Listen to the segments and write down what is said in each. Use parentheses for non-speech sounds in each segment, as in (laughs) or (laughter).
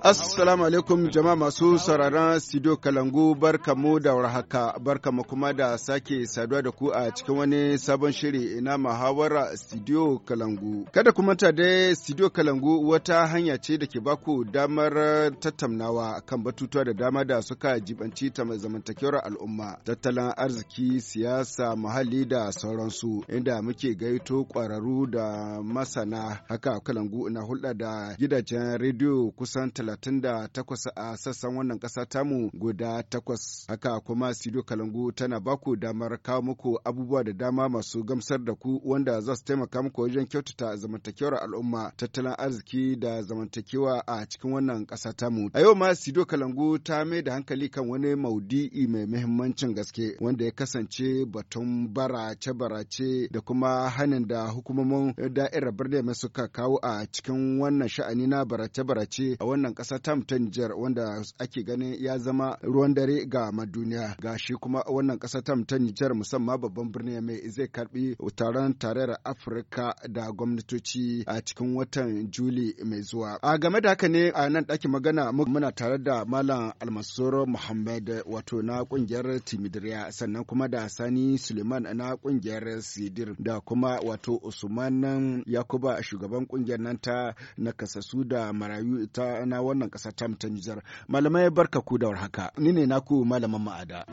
Assalamu alaikum jama'a masu sauraron Sido Kalangu barkamu da warhaka barkamu kuma da sake saduwa da ku a cikin wani sabon shiri ina muhawarar Sido Kalangu. Kada kuma manta dai Sido Kalangu wata hanya ce da ke baku damar tattaunawa kan batutuwa da dama da suka jibanci ta zamantakewar al'umma, tattalin arziki, siyasa, muhalli da sauransu inda muke gaito kwararru da masana haka Kalangu ina hulɗa da gidajen rediyo kusan 38 a sassan wannan ƙasa tamu guda takwas. Haka kuma Sido Kalangu tana baku damar kawo muku abubuwa da dama masu gamsar da ku wanda za su taimaka muku wajen kyautata zamantakewar al'umma, tattalin arziki da zamantakewa a cikin wannan ƙasa tamu. A yau ma Sido Kalangu ta mai da hankali kan wani maudi'i mai muhimmancin gaske wanda ya kasance batun barace-barace da kuma hanin da hukumomin da'irar birnin suka kawo a cikin wannan sha'ani na barace-barace a wannan kasa tam ta Nijar wanda ake ganin ya zama ruwan dare ga maduniya ga shi kuma wannan kasa tam ta Nijar musamman babban birnin mai zai karbi taron tarayyar Afirka da gwamnatoci a cikin watan Juli mai zuwa. A game da haka ne a nan ɗakin magana muna tare da Malam Almasoro Muhammad wato na kungiyar Timidiriya sannan kuma da Sani Suleiman na kungiyar Sidir da kuma wato Usman Yakuba shugaban kungiyar nan ta kasasu da marayu ta na wannan ƙasa ta ta Nijar. Malamai barka ku da warhaka. Ni ne naku malaman ma'ada.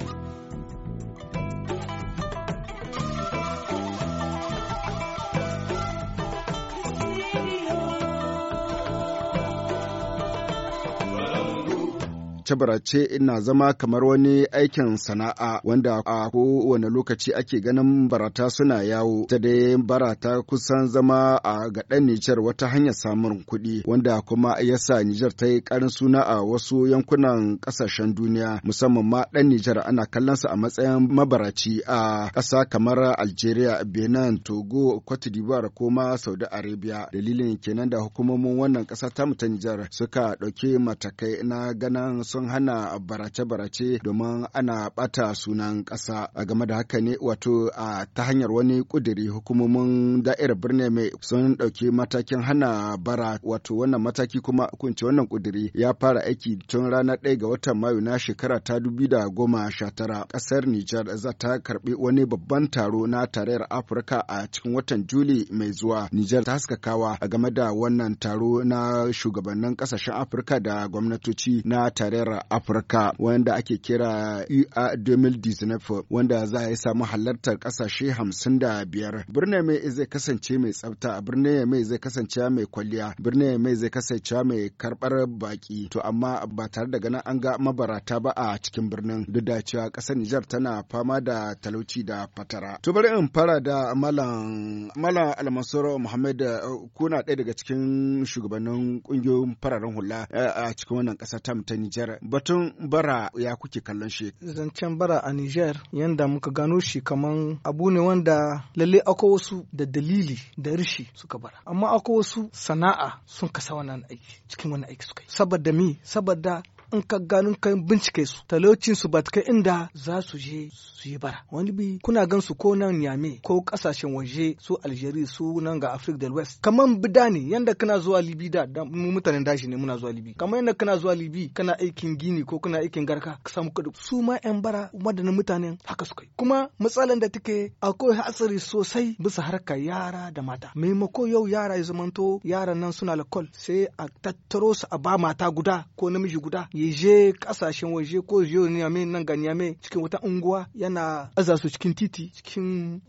barace ina na zama kamar wani aikin sana'a wanda a kowane lokaci ake ganin barata suna yawo ta dai barata kusan zama a ɗan Nijar wata hanyar samun kuɗi wanda kuma ya sa Nijar ta yi ƙarin suna a wasu yankunan ƙasashen duniya musamman ma ɗan Nijar ana kallon sa a matsayin mabaraci a ƙasa kamar Algeria, Benin, Togo, Cote d'Ivoire ko ma Saudi Arabia. Dalilin kenan da hukumomin wannan ƙasa ta mu Nijar suka ɗauki matakai na ganin sun hana barace-barace domin ana bata sunan ƙasa a game da haka ne wato a ta hanyar wani ƙudiri hukumomin da'irar birni mai sun ɗauki matakin hana bara wato wannan mataki kuma kunce wannan ƙudiri ya fara aiki tun ranar ɗaya ga watan mayu na shekara ta dubi da goma sha tara ƙasar nijar za ta karɓi wani babban taro na tarayyar afirka a cikin watan juli mai zuwa nijar ta haskakawa a game da wannan taro na shugabannin ƙasashen afirka da gwamnatoci na tarayyar nahiyar Afirka wanda ake kira UA 2019 wanda za a samu halartar ƙasashe 55. Birnin mai zai kasance mai tsafta, birnin mai zai kasance mai kwalliya, birnin mai zai kasance mai karbar baki To amma ba tare da ganin an ga mabarata ba a cikin birnin duk da cewa ƙasar Nijar tana fama da talauci da fatara. To bari in fara da Malam Malam Muhammad kuna ɗaya daga cikin shugabannin ƙungiyoyin fararen hula eh, a cikin wannan ƙasa ta ta Nijar Batun bara ya kuke kallon shi? Zancen bara a Nijar yanda muka gano shi kaman abu ne wanda lalle akwai wasu da dalili da rishi suka bara. Amma akwai wasu sana'a sun kasa wannan aiki cikin wani aiki suka yi. Saboda mi? Saboda in ka gano kai bincike su talaucin su bat kai inda za su je su yi bara wani bi kuna gan su ko nan yame ko kasashen waje su Algeria su nan ga afrik del West kaman bida ne yanda kana zuwa Libi da mu mutanen dashi ne muna zuwa Libi kaman yanda kana zuwa Libi kana aikin gini ko kana aikin garka ka samu kudi su ma yan bara madanin mutanen haka suka yi kuma matsalan da take akwai hatsari sosai bisa harkar yara da mata maimako yau yara ya zamanto yaran nan suna lakol sai a tattaro su a ba mata guda ko namiji guda ya je kasashen waje ko yo niyame nan ga niyame cikin wata unguwa yana aza su cikin titi cikin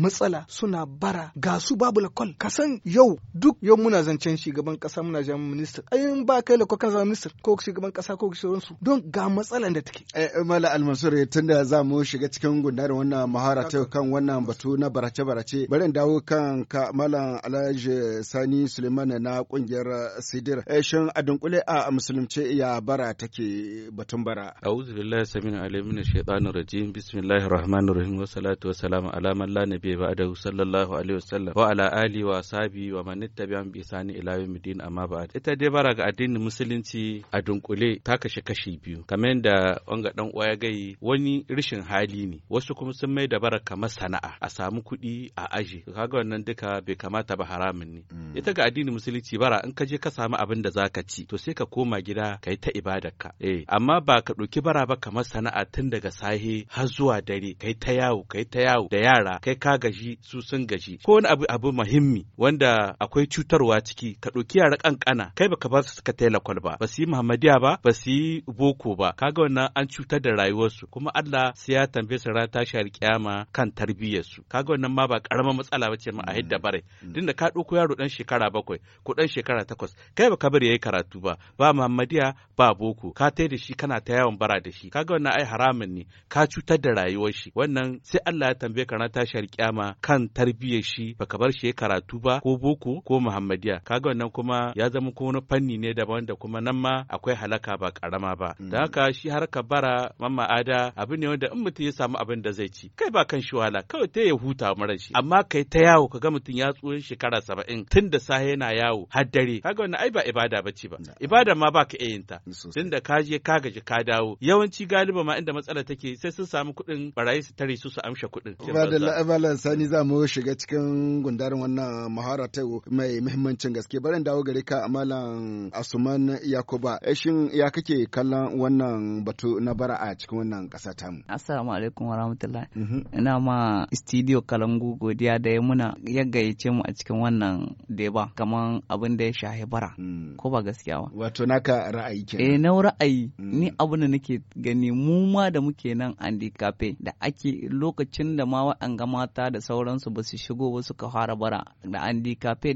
matsala suna bara ga su babu lakol kasan yau duk yau muna zancen shugaban kasa muna jami minista ayin ba kai lakol kan zama minista ko shugaban kasa ko sauransu don ga matsalan da take eh, eh mala almasur eh, tunda za mu shiga cikin gundar wannan mahara ta kan wannan batu na barace barace bari dawo kan ka malam alhaji sani suleiman na kungiyar sidir eh, shin a dunkule a musulunci ya bara take batun bara a'udhu billahi saminu alim min shaitanir rajim bismillahir rahmanir rahim wa wassalamu ala man la nabiyya ba'dahu sallallahu alaihi wasallam wa ala ali wa sahbi wa man ittabi'ahum bi ihsani ila yawmiddin amma ba'd ita dai bara ga addinin musulunci a dunkule ta kashe kashi biyu kamar yadda wanga dan uwa ya gai wani rishin hali ne wasu kuma sun mai da bara kamar sana'a a samu kuɗi a aje kaga wannan duka bai kamata ba haramun ne mm. ita ga addinin musulunci bara in ka je ka samu abin da zaka ci to sai ka koma gida ka yi ta ibada ibadarka amma ba ka ɗauki bara ba kamar sana'a tun daga sahe har zuwa dare kai ta yawo kai ta yawo da yara kai ka gaji su sun gaji ko wani abu abu muhimmi wanda akwai cutarwa ciki ka ɗauki yara ƙanƙana kai baka ba su suka yi kwalba ba su yi muhammadiya ba ba su yi boko ba kaga wannan an cutar da rayuwarsu kuma Allah sai ya tambaye su ran tashi alkiyama kan tarbiyyarsu kaga wannan ma ba karamar matsala ce ma a mm. hidda bare mm. tunda ka ɗauko yaro ɗan shekara bakwai ko ɗan shekara takwas kai baka bari yi karatu ba ba muhammadiya ba boko boko ka tai da shi kana ta yawan bara da shi kaga wannan ai haramun ne ka cutar da rayuwar shi wannan sai Allah ya tambaye ka na tashar kiyama kan tarbiyyar shi baka bar shi ya karatu ba ko boko ko muhammadiya kaga wannan kuma ya zama ko wani fanni ne daban da kuma nan ma akwai halaka ba karama ba mm. da haka shi harka bara mamma ada abu ne wanda in mutum ya samu abin da zai ci kai ba kan shi wahala kawai ta ya huta mara shi amma kai ta yawo kaga mutum ya tsohon shekara saba'in tun da sahe yana yawo har dare kaga wannan ai ba ibada ba ce ba ibada ma ba ka iya yin ta tun da ka je ka gaji ka dawo yawanci galiba ma inda matsala take sai sun samu kuɗin barayi su tare su su amsha kuɗin. Badalla Sani za mu shiga cikin gundarin wannan muhara ta mai muhimmancin gaske barin dawo gare ka amalan Asuman Yakuba eh, shin ya kake kallon wannan batu na bara a cikin wannan ƙasa mu. Assalamu alaikum wa rahmatullahi. Mhm. Ina ma studio Kalangu godiya da ya muna ya gayyace mu a cikin wannan deba kaman abin da ya shahi bara hmm. ko ba gaskiya ba. Wato naka ra'ayi kenan. Eh, na ra'ayi ni mm. abin da nake gani mu ma da muke nan handicapé da ake lokacin da ma waɗanga mata da sauransu ba su shigo ba suka fara bara da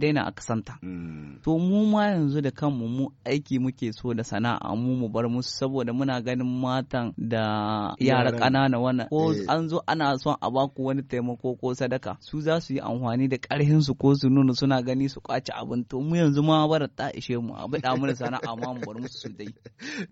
dai na aka santa mm. to mu ma yanzu da kanmu mu aiki muke so da sana'a mu mu bar musu saboda muna ganin matan da yara ƙanana wannan ko eh. an zo ana son a baku wani taimako ko sadaka su za su yi amfani da ƙarhin su ko su nuna suna gani su kwaci abin to mu yanzu ma bara ta ishe mu a bada mu da sana'a ma mu bar musu su dai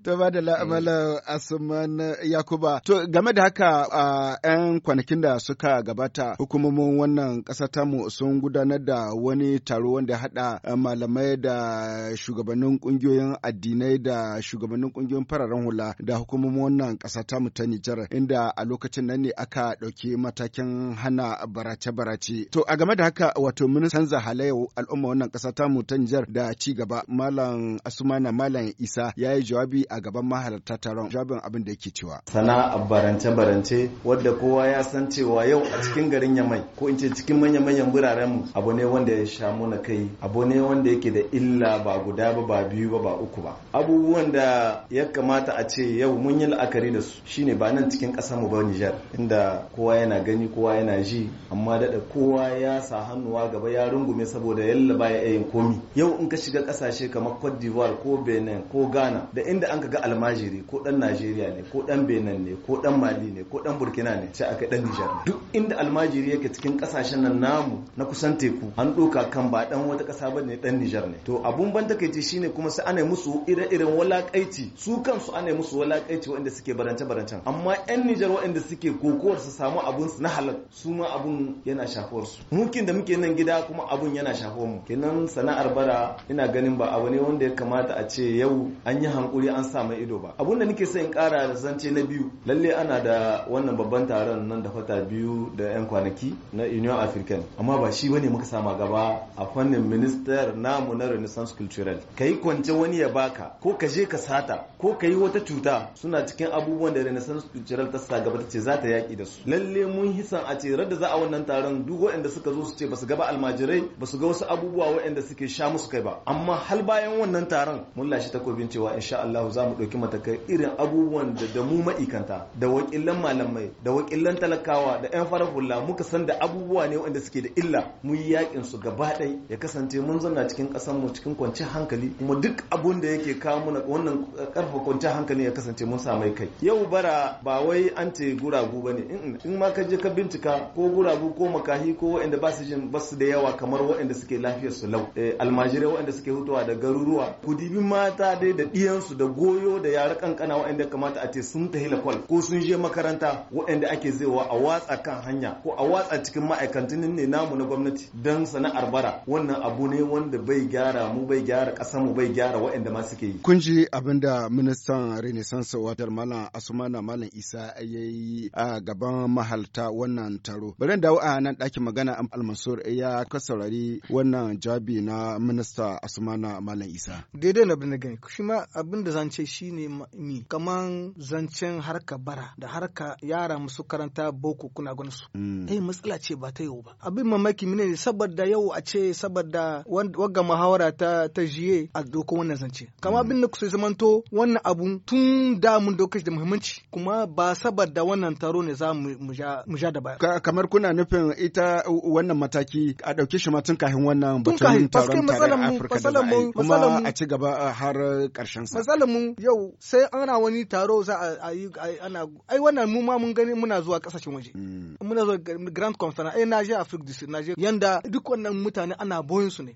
to ba da la'amala eh. suman yakuba to game da haka a 'yan kwanakin da suka gabata hukumomin wannan ƙasa tamu sun gudanar da wani taro wanda ya haɗa eh, malamai da shugabannin ƙungiyoyin addinai da shugabannin ƙungiyoyin fararen hula da hukumomin wannan tamu ta nijar inda a lokacin nan ne aka ɗauki matakin hana barace-barace to a game da haka wato mun canza halayyar al'umma wannan tamu ta nijar da ci gaba malam asumana malam isa ya yi jawabi a gaban mahalarta taron jawabin abin da yake cewa. Sana'a barance-barance wadda kowa ya san cewa yau a cikin garin Yamai ko in ce cikin manya-manyan biranen mu abu ne wanda ya sha muna kai abu ne wanda yake da illa ba guda ba ba biyu ba ba uku ba. Abubuwan da ya kamata a ce yau mun yi la'akari da su shine ba nan cikin ƙasar mu ba Nijar inda kowa yana gani kowa yana ji amma daɗa kowa ya sa hannuwa gaba ya rungume saboda yalla ba ya yin komi. Yau in ka shiga ƙasashe kamar Cote d'Ivoire ko Benin ko Ghana da inda an ka ga almajiri ko dan najeriya ne ko dan benin ne ko dan mali ne ko dan burkina ne sai aka dan nijar duk inda almajiri yake cikin kasashen nan namu na kusan teku an doka kan ba dan wata kasa ba ne dan nijar ne to abun ban takaici shine kuma sai ana musu ire-iren walakaici su kansu ana musu walakaici waɗanda suke barance barancen amma yan nijar wanda suke kokowar su samu abun su na halal su ma abun yana shafuwar su mukin da muke nan gida kuma abun yana shafuwar mu kenan sana'ar bara ina ganin ba abu ne wanda ya kamata a ce yau an yi hankali hakuri an sa mai ido ba abun da nake sai in kara da zance na biyu lalle ana da wannan babban taron nan da fata biyu da yan kwanaki na union african amma ba shi bane muka sama gaba a fannin minister namu na renaissance cultural kai kwance wani ya baka ko ka je ka sata ko ka yi wata cuta suna cikin abubuwan da renaissance cultural ta sa gaba ta ce za ta yaki da su lalle mun hisan a ce radda za a wannan taron duk waɗanda suka zo su ce basu gaba almajirai basu ga wasu abubuwa waɗanda suke sha musu kai ba amma hal bayan wannan taron mun lashi takobin cewa insha Allah za mu ɗauki matakai irin abubuwan da da mu ma'ikanta da wakilan malamai da wakilan talakawa da 'yan fara hula muka san da abubuwa ne wanda suke da illa mu yi yakin su gaba ɗai ya kasance mun zanna cikin ƙasar mu cikin kwanciyar hankali kuma duk abun da yake kawo mana wannan ƙarfa kwanciyar hankali ya kasance mun sa mai kai yau bara ba wai an ce guragu bane in ma ka je ka bincika ko guragu ko makahi ko waɗanda ba su jin ba su da yawa kamar waɗanda suke lafiyar su lau eh, almajirai waɗanda suke hutuwa da garuruwa ku dibi mata dai da ɗiyansu su da goyo da yara kankana waɗanda kamata a ce sun tafi lakwal ko sun je makaranta waɗanda ake zaiwa a watsa kan hanya ko a watsa cikin ma'aikatan ne namu na gwamnati don sana'ar bara wannan abu ne wanda bai gyara mu bai gyara ƙasar mu bai gyara waɗanda ma suke yi. Kun ji abinda ministan Renaissance watar Malam Asumana Malam Isa ya yi a gaban mahalta wannan taro. Bari dawo a nan ɗakin magana almasur ya kasaurari wannan jabi na minista Asumana Malam Isa. Daidai na bin da gani, shi ma abin abin da zance ne mi kaman zancen harka bara da harka yara musu karanta boko kuna gani su mm. eh matsala ce ba ta yau ba abin mamaki mine ne saboda yau a ce saboda wagga muhawara ta ta jiye a doko wannan zance Kamar mm. abin da sai zamanto wannan abu tun da mun dokashi da muhimmanci kuma ba saboda wannan taro ne za mu ja da baya kamar kuna nufin ita wannan mataki a dauke shi ma tun kafin wannan batun taron tare Afirka da za a yi kuma a ci gaba har karshen sa matsalar mu yau sai ana wani taro za a yi ana ai wannan mu ma mun gani muna zuwa kasashen waje mm. muna zuwa grand conference ai na je Africa du Sud na je yanda duk wannan mutane ana boyin su ne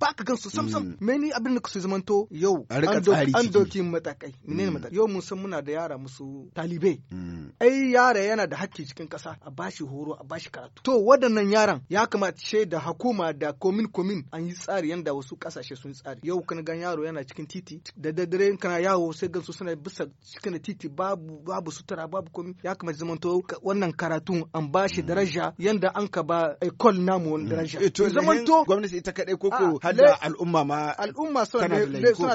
ba ka gansu sam sam mm. meni abin da su zamanto yau an doki matakai menene mm. matakai yau mun san muna da yara musu talibai ai yara yana da hakki cikin kasa a bashi horo a bashi karatu to waɗannan yaran ya kamata ce da hakuma da komin komin an yi tsari yanda wasu kasashe sun tsari yau kan gan yaro yana cikin titi da daddare dare kana yawo sai gansu suna bisa cikin titi babu babu sutura babu komi ya kamata to wannan karatu an ba shi mm. daraja yanda an ka ba eh, a kol namu wani mm. daraja eh, to gwamnati ita kaɗai ko koko ah, hadda al'umma ma al'umma suna da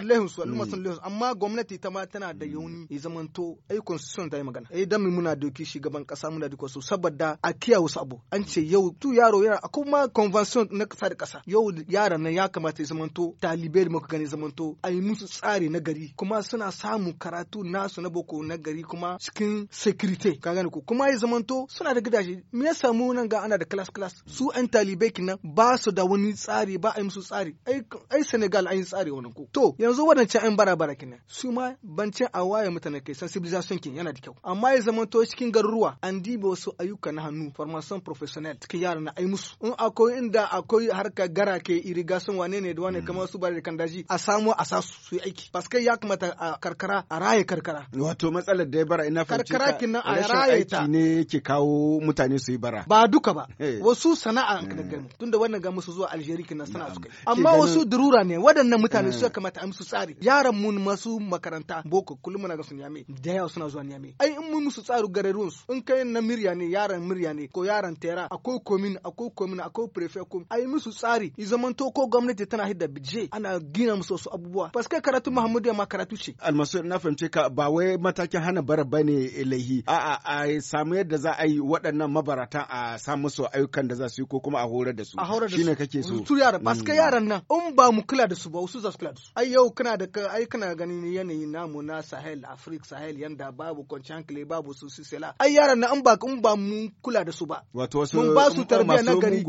lehin su al'umma mm. suna lehin su amma gwamnati ita ma tana da yauni ya a yi constitution ta yi magana A yi eh, dami muna doki shugaban kasa muna doki su saboda a kiya wasu abu an ce yau tu yaro yana kuma convention na kasa da kasa yau yaran nan ya kamata ya to talibai da muka gani to a yi musu tsari na gari gari kuma suna samu karatu nasu na boko na gari kuma cikin security ka gane ko kuma ya zamanto suna da gidaje me ya samu nan ga ana da class class su an talibai kinan ba su da wani tsari ba a yi musu tsari ai Senegal an yi tsari wannan ko to yanzu wadancan an bara bara kinan su ma bancin a waye mutane kai sensibilization kin yana da kyau amma ya zamanto cikin garuruwa an diba wasu ayyuka na hannu formation professional cikin yara na ai musu in akwai inda akwai harka gara ke irrigation wane ne da wane mm. kamar su bare da kandaji a samu a sasu su yi aiki paske ya kamata a karkara a raye karkara wato matsalar da ya bara ina fahimci karkara kinan a raye ta ne yake kawo mutane su yi bara ba duka ba eh. wasu sana'a an eh. kana gani tunda wannan ga musu zuwa Algeria kinan sana'a su kai. amma wasu durura ne waɗannan mutane su eh. kamata a musu tsari yaran mun masu makaranta boko kullum muna ga su yame da yawa suna zuwa yame ai in mun musu tsari garuruwan su in kai na mirya ne yaran mirya ne ko yaran tera akwai komin akwai komin akwai prefect ko ai musu tsari i zamanto ko gwamnati tana hidda bije ana gina musu wasu abubuwa paske karatu Muhammadu ya ma karatu ce almasu na fahimce ka ba wai matakin hana bara ne laihi a a a samu yadda za a yi waɗannan mabarata a samu su ayyukan da za su yi ko kuma a horar da su a horar da su shi ne kake so su yara ba su kai mm. yaran nan in ba mu kula da su ba wasu za su kula da su ai yau kana da ai kana ganin yanayi namu na Sahel Africa Sahel yanda babu kwanciyar hankali babu su su sela ai yaran nan in ba in ba mu kula da su ba wato wasu mun ba su tarbiyya na gari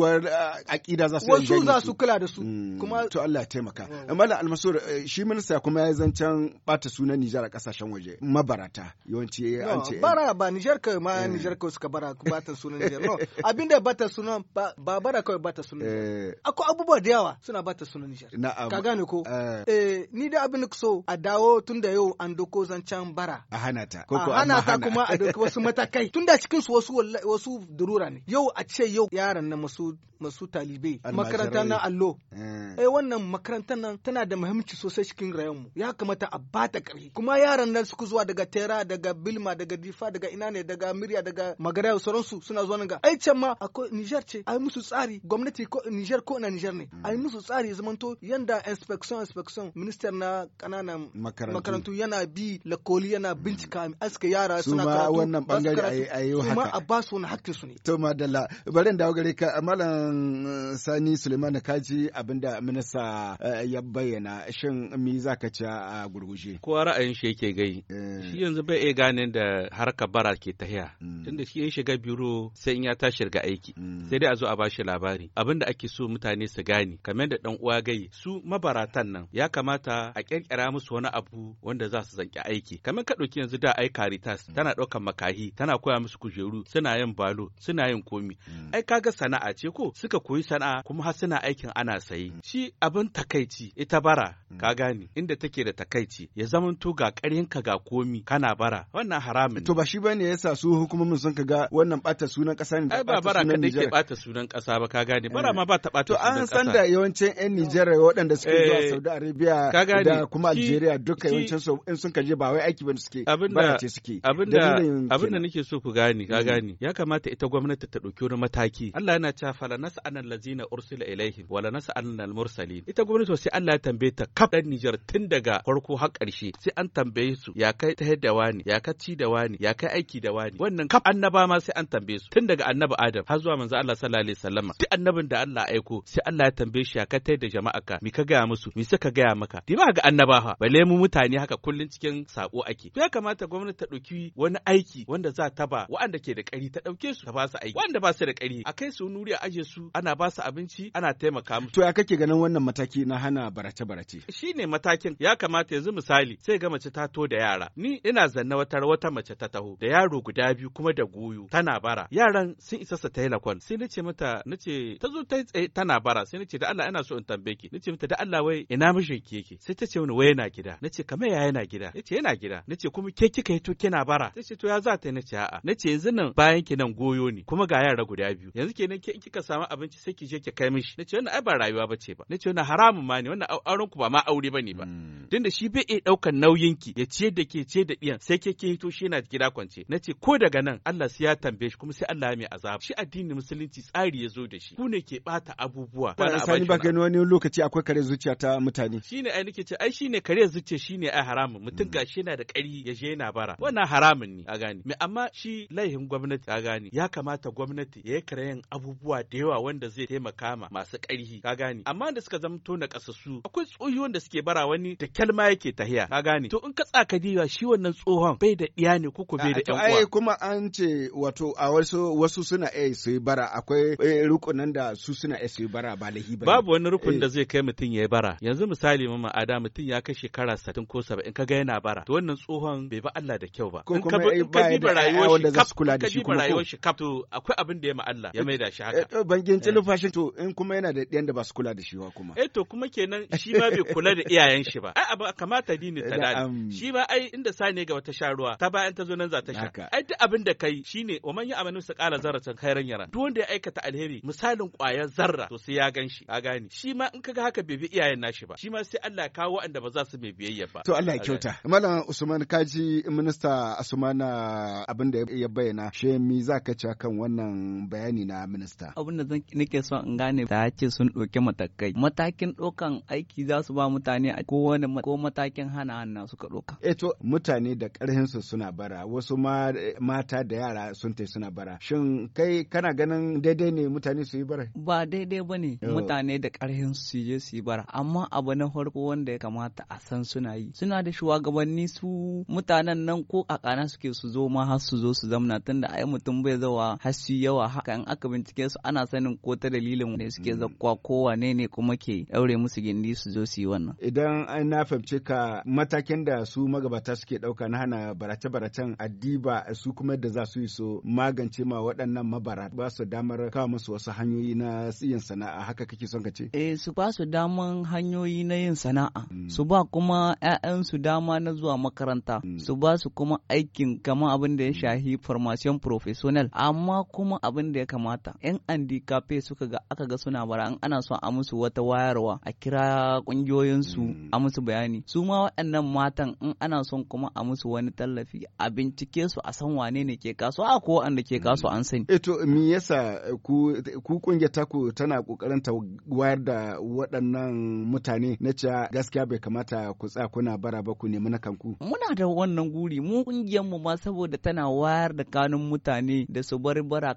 akida ah, za su wasu za su kula da su mm. kuma to Allah ya taimaka mm. mallam almasu eh, shi minista kuma ya zance can bata sunan Nijar a kasashen waje mabarata yawanci an ce eh, bara ba Nijar kai ma eh. Nijar kai suka bara bata sunan Nijar no abinda bata sunan ba bara kai bata sunan Nijar eh. akwai abubuwa da yawa suna bata sunan Nijar ka gane ko eh ni da abin so a dawo tunda yau an doko zancen bara a hana ta ko ko hana ta kuma a doki wasu matakai tunda cikin su wasu wasu durura ne yau a ce yau yaran na masu masu talibai makaranta na allo eh. eh wannan makarantar nan tana da muhimmanci sosai cikin mu ya kamata a bata ƙarfi kuma yaran nan suka zuwa daga tera daga bilma daga difa daga ina ne daga murya daga magaraya sauransu suna zuwa nan ga ai can ma akwai Niger ce ai musu tsari gwamnati ko Niger ko na Niger ne ai musu tsari zamanto yanda inspection inspection minister na kananan makarantu yana bi lakoli yana mm. bincika aska yara suna karatu wannan bangare ayi haka su a basu wani hakkin su ne to madalla bari dawo gare ka malam malam eh, Sani Suleiman Kaji abinda minista eh, ya bayyana shin mi za ka ci a gurguje. Kowa ra'ayin shi yake gai. Eh. Shi yanzu bai iya gane da harkar bara ke tahiya. Hmm. Tunda shi ya shiga biro sai in ya tashi daga aiki. Hmm. Sai dai a zo a ba shi labari. Abinda ake so mutane su gane kamar da dan uwa gai su mabaratan nan ya kamata a kirkira musu wani abu wanda za su zanki aiki. Kamar ka ɗauki yanzu da ai Caritas hmm. tana ɗaukan makahi tana koya musu kujeru suna yin balo suna yin komi. Ai kaga sana'a ce ko suka koyi sana'a kuma har suna aikin ana sayi shi abin takaici ita bara mm. ka gani inda take da takaici ya to ga ƙaryanka ga komi kana bara wannan haramin to ba shi bane yasa su hukumomin sun ka ga wannan bata sunan ƙasa ne ai ba bara ka bata sunan ƙasa ba ka gani bara eh. ma ba ta bata sunan ƙasa to an san da yawancin 'yan Nijar eh. waɗanda suke zuwa eh. Saudi Arabia da kuma Algeria duka yawancin su in sun kaje ba wai aiki ba suke bara ce suke abinda abinda nake so ku gani ka mm. gani ya kamata ita gwamnati ta ɗauki wani mataki Allah yana cewa na nas'anan lazina ursula ilaihim wala sa al-mursalin ita gwamnati sai Allah ya tambaye ta kaf dan Niger tun daga farko har karshe sai an tambaye su ya kai ta da wani ya kai ci da wani ya kai aiki da wani wannan kaf annaba ma sai an tambaye su tun daga annabi Adam har zuwa manzo Allah sallallahu alaihi wasallama duk annabin da Allah aiko sai Allah ya tambaye shi ya kai ta da ka mi ka gaya musu mi suka gaya maka di ba ga ha balle mu mutane haka kullun cikin sako ake ya kamata gwamnati ta ɗauki wani aiki wanda za ta ba wa'anda ke da kari ta dauke su ta ba su aiki wanda ba su da kari a kai su nuri a aje su ana ba su abinci ana taimaka musu. To ya kake ganin wannan mataki na hana barace-barace? Shi ne matakin ya kamata yanzu misali sai ga mace ta to da yara. Ni ina zanna wata wata mace ta taho da yaro guda biyu kuma da goyo tana bara. Yaran sun isa su tayi lakon. Sai nace mata nace ta zo ta tsaye tana bara sai nace da Allah ina so in tambaye ki. Nace mata da Allah wai ina ki yake? Sai ta ce wani wai yana gida. Nace kamar ya yana gida. Nace yana gida. Nace kuma ke kika yi to kina bara. Tace to ya za ta nace a'a. Nace yanzu nan bayan ki nan goyo ne kuma ga yara guda biyu. Yanzu kenan ke kika samu ma abinci sai ki je ki kai mishi nace wannan ai ba rayuwa bace ba nace wannan haramun ma ne wannan auren ku ba ma aure bane ba hmm. tunda shi bai iya daukan nauyin ki ya ce da ke ce da iyan sai ke ke hito shi yana gida kwance nace ko daga nan Allah sai ya tambaye shi kuma sai Allah ya mai azaba shi addinin musulunci tsari ya zo da shi ku ne ke bata abubuwa sani ba gani wani lokaci akwai kare zuciya ta mutane shine ai nake ce ai shine kare zuciya shine ai haramun mutum hmm. gashi yana da kari ya je yana bara wannan haramun ne a gane amma shi laihin gwamnati a gane ya kamata gwamnati ya yi karayen abubuwa da yawa yawa wanda zai taimaka ma masu ƙarhi ka gane amma da suka zamto na ƙasassu akwai tsohiyon da suke bara wani da kyalma yake tahiya ka gane to in ka tsaka diwa shi wannan tsohon bai da iya ne ko bai da ƴan'uwa. ai kuma an ce wato a wasu wasu suna iya su yi bara akwai eh, rukunan da su suna iya su yi bara ba lahi ba babu wani rukun da eh. zai kai mutum ya yi bara yanzu misali mama ada mutum ya kai shekara 60 ko 70 ga yana bara to wannan tsohon bai ba Allah da kyau ba in ka bi ka diba rayuwar shi kaf ka diba shi kaf to akwai abin da ya ma Allah ya eh, maida shi haka hangen cilifashin eh. to in kuma yana da ɗiyan da ba su kula da shi ba kuma. Eh to kuma kenan shi ma bai kula da iyayen shi ba. (laughs) Ai abu kamata dini ta talali. Shi ba ai inda sa ne ga wata sharuwa ta bayan ta zo nan za ta sha. Ai duk abin da kai shine wa man ya amanu su ƙara zaratan khairan yara. Duk wanda ya aikata alheri misalin kwayar zarra to sai ya gan shi. A gane. Shi ma in kaga haka bai bi iyayen nashi ba. Shi ma sai Allah kawo waɗanda ba za su mai biyayya ba. To Allah ya kyauta. Malam Usman Kaji minista Asumana abin da ya bayyana. She mi za ka ci kan wannan bayani na minista? Abin da nake son in gane ta ce sun ɗauki matakai. Matakin ɗaukan aiki za su ba mutane a kowane ko matakin hana hana suka ɗauka. E to mutane da ƙarhinsu suna bara wasu ma mata da yara sun tai suna bara. Shin kai kana ganin daidai ne mutane su yi bara? Ba daidai ba ne mutane da ƙarhin su je su yi bara amma abu na farko wanda ya kamata a san suna yi. Suna da shugabanni su mutanen nan ko kakana suke su zo ma har su zo su zamna tunda ai mutum bai zawa har su yawa haka in aka bincike su ana san sanin ko ta dalilin ne suke hmm. zakwa ko wane ne kuma ke daure musu gindi su zo su yi wannan. Idan an na fahimci ka matakin da su magabata suke ɗauka na hana barace-baracen addiba su kuma da za su yi so magance ma waɗannan mabara ba su damar kawo musu wasu hanyoyi na yin sana'a haka kake son ka ce? Eh su ba su daman hanyoyi na yin sana'a hmm. su ba kuma 'ya'yansu dama na zuwa makaranta hmm. su ba su kuma aikin kamar abin da ya shahi formation professional amma kuma abin da ya kamata 'yan andika kafe suka ga aka ga suna bara an ana son a musu wata wayarwa a kira kungiyoyinsu mm. a musu bayani su ma waɗannan matan in ana son kuma a musu wani tallafi a bincike su a san wane ne ke kaso a ko wanda ke kaso mm. an sani eh to me yasa ku kungiyar taku tana kokarin ta wayar da waɗannan mutane na ce gaskiya bai kamata ku tsaya kuna bara ba ku nemi na kanku muna da wannan guri mu kungiyar mu ma saboda tana wayar da kanun mutane da su bar bara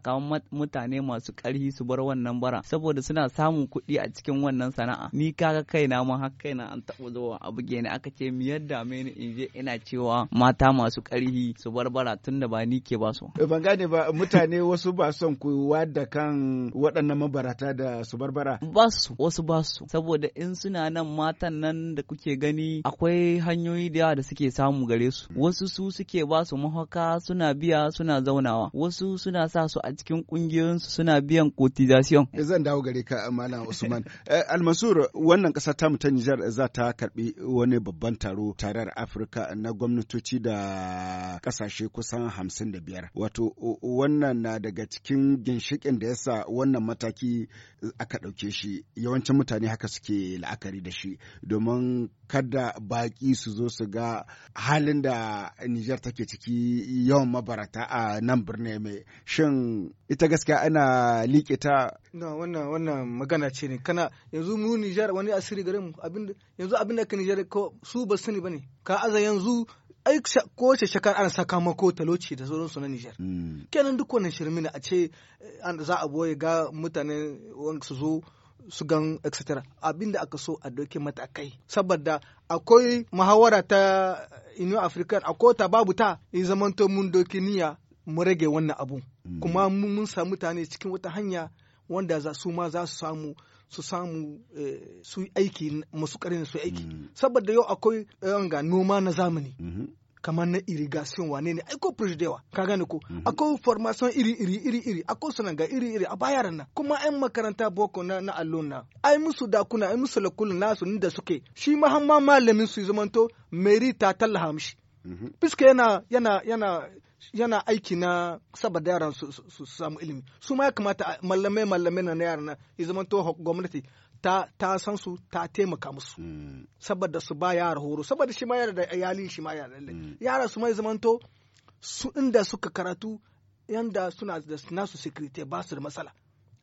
mutane masu ƙarfi su bar wannan bara saboda suna samun kuɗi a cikin wannan sana'a ni kaga kaina mun har kaina an taɓa zuwa a buge ni aka ce mi yadda meni in je ina cewa mata masu ƙarfi su bar bara da ba ni ke ba su eh, ban gane ba mutane wasu ba son ku da kan waɗannan mabarata da su bar bara ba su wasu ba su saboda in suna nan matan nan da kuke gani akwai hanyoyi da yawa da suke samu gare su wasu su suke ba su mahaka suna biya suna zaunawa wasu suna sa su a cikin ƙungiyoyinsu suna biyan ku robotization. Eh, zan dawo gare ka Malam Usman. (laughs) Eh, Almasur wannan ƙasa ta mutan Nijar eh, za ta karɓi wani babban taro tare tarar Afirka na gwamnatoci da ƙasashe kusan hamsin da biyar. Wato wannan na daga cikin ginshikin da yasa wannan mataki aka ɗauke shi yawancin mutane haka suke la'akari da shi domin kada baƙi su zo su ga halin da Nijar take ciki yawan mabarata a nan birni mai shin ita gaskiya ana liƙe ita na wannan wannan magana ce ne kana yanzu mu Nijar wani asiri gare mu abinda yanzu abinda ka Nijar ko su ba sani bane ka aza yanzu ai kowace shekara ana sakamako taloci da sauransu na Nijar. Hmm. Kenan duk wannan shirmina a ce eh, za a boye ga mutane su zo su gan etc abinda aka so a doke matakai saboda akwai muhawara ta inu african akwai ta babu ta in zamanto mun doki niyya mu rage wannan abu mm. kuma mun samu mutane cikin wata hanya wanda za su ma za su samu su samu eh, su aiki masu karin su aiki mm. saboda yau akwai eh, ga noma na zamani mm-hmm. kamar na irrigation wane ne aiko project da yawa ka gane ko mm-hmm. akwai formation iri iri iri iri akwai sunan ga iri iri a bayar nan kuma ayan makaranta boko na na allon na ai musu dakuna ai musu lakul nasu da suke shi ma malamin su zamanto meri ta tallaha mishi mm-hmm. fiska yana yana yana yana aiki na saboda yaran su, samu ilimi su ma ya kamata mallame mallame na yaran na ya zama to gwamnati ta ta san su ta taimaka musu hmm. saboda su ba yara horo saboda shi ma yara da iyali shi ma yara hmm. yara su ma ya zama to su inda suka karatu yanda suna da nasu security ba su da matsala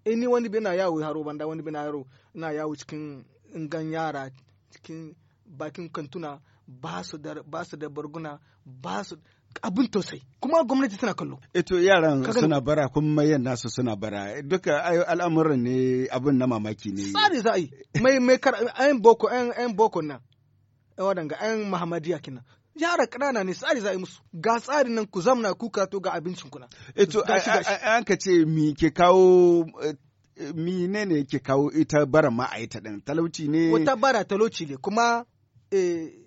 eh, ni wani bina yawo haro banda wani bina yaro ina yawo cikin ingan yara cikin bakin kantuna ba su da barguna ba su abin tausayi kuma gwamnati tana kallo. Eto eh yaran suna bara kuma mayan nasu suna bara duka al'amuran ne abin na mamaki ne. Sani za a yi mai mai kar ayin boko ayin boko na wadanga ayin mahamadiya kina. Yara ƙanana ne tsari za a yi musu ga tsari nan ku zamna ku kato ga abincin kuna. Eto eh an ka ce mi ke kawo eh, ne ne ke kawo ita bara ma'aita ɗin talauci ne. Wata bara talauci ne kuma eh,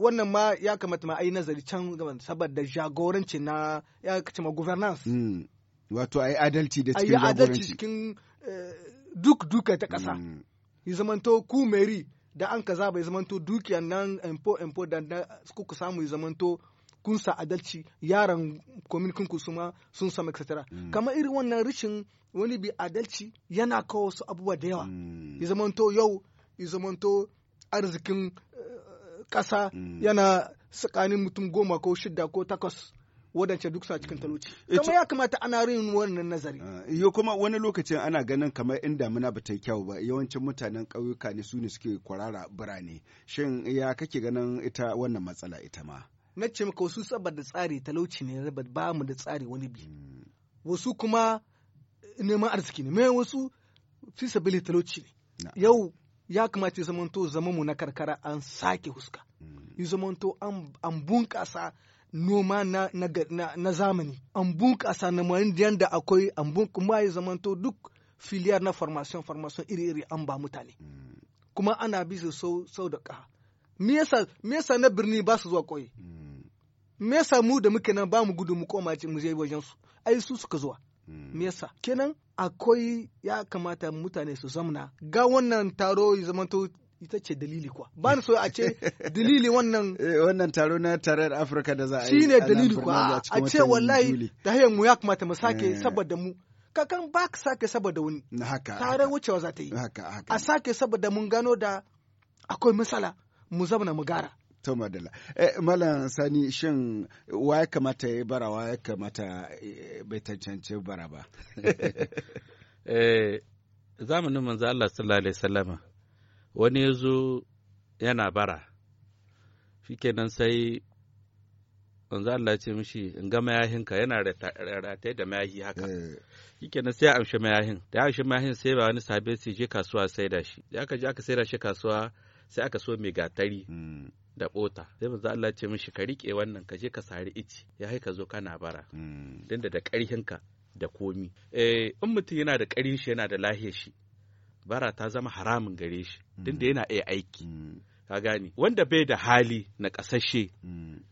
wannan ma ya kamata ma a yi nazari can saboda jagoranci na ya kace ma governance hmm. wato a yi adalci da cikin jagoranci a yi adalci cikin eh, duk duka ta ƙasa hmm. ya zamanto ku meri da an kaza bai zamanto dukiya nan empo empo da kuka samu ya zamanto kun sa adalci yaran kominikin ku suma sun samu etc hmm. kamar irin wannan rishin wani bi adalci yana kawo su abubuwa da yawa ya zamanto yau ya zamanto arzikin eh, ƙasa mm. yana tsakanin mutum goma ko shida ko takwas wadance duk sa cikin mm. talauci eh, kamar ya kamata ana rin wannan nazari ah, yo kuma wani lokacin ana ganin kamar in damuna ba ta yi kyau ba yawancin mutanen ƙauyuka ne su ne suke kwarara birane shin ya kake ganin ita wannan matsala ita ma na ce maka wasu saboda tsari talauci ne ba mu da tsari wani bi mm. wasu kuma neman arziki ne me wasu fisabili talauci ne yau ya kamata ya zamanto mu na karkara an sake huska ya zamanto an bunƙasa noma na, zamani an bunƙasa na yadda akwai an kuma ya zamanto duk filiyar na formation formation iri-iri an ba mutane kuma ana bisa sau, sau da ƙaha me yasa na birni ba su zuwa ƙauye me yasa mu da muke nan ba mu gudu mu koma mu je wajen su ai su suka zuwa me yasa kenan akwai ya kamata mutane su zamna ga wannan taro ya zamanto ita ce dalili kuwa ba ni so a ce (laughs) dalili wannan eh, wannan taro na tarar afirka da za a yi shine dalili kuwa a ce wallahi da hayan mu ya kamata mu sake eh. saboda mu kakan ba ka sake saboda wani tare wucewa za ta yi a sake saboda mun gano da akwai matsala mu zamna mu gara to madalla eh, malam sani shin wa ya kamata ya bara wa ya kamata eh, bai tantance bara ba (laughs) eh zamanin manzo Allah sallallahu alaihi wasallama wani ya zo yana bara shikenan sai manzo Allah ce mishi in ga mayahinka yana rataye da mayahi haka eh. shikenan sai ya amshi mayahin da ya amshi mayahin sai ba wani sabe sai je kasuwa sai da shi da aka je aka sai da shi kasuwa sai aka so mai gatari hmm. da bota sai manzo Allah ce mishi ka rike wannan ka je ka sari ici ya ka zo kana bara hmm. dan da ƙarfin ka da komi eh in mutum yana da karin shi yana da lahiyar shi bara ta zama haramun gare shi hmm. dan yana iya aiki hmm. ka gane wanda bai da hali na kasashe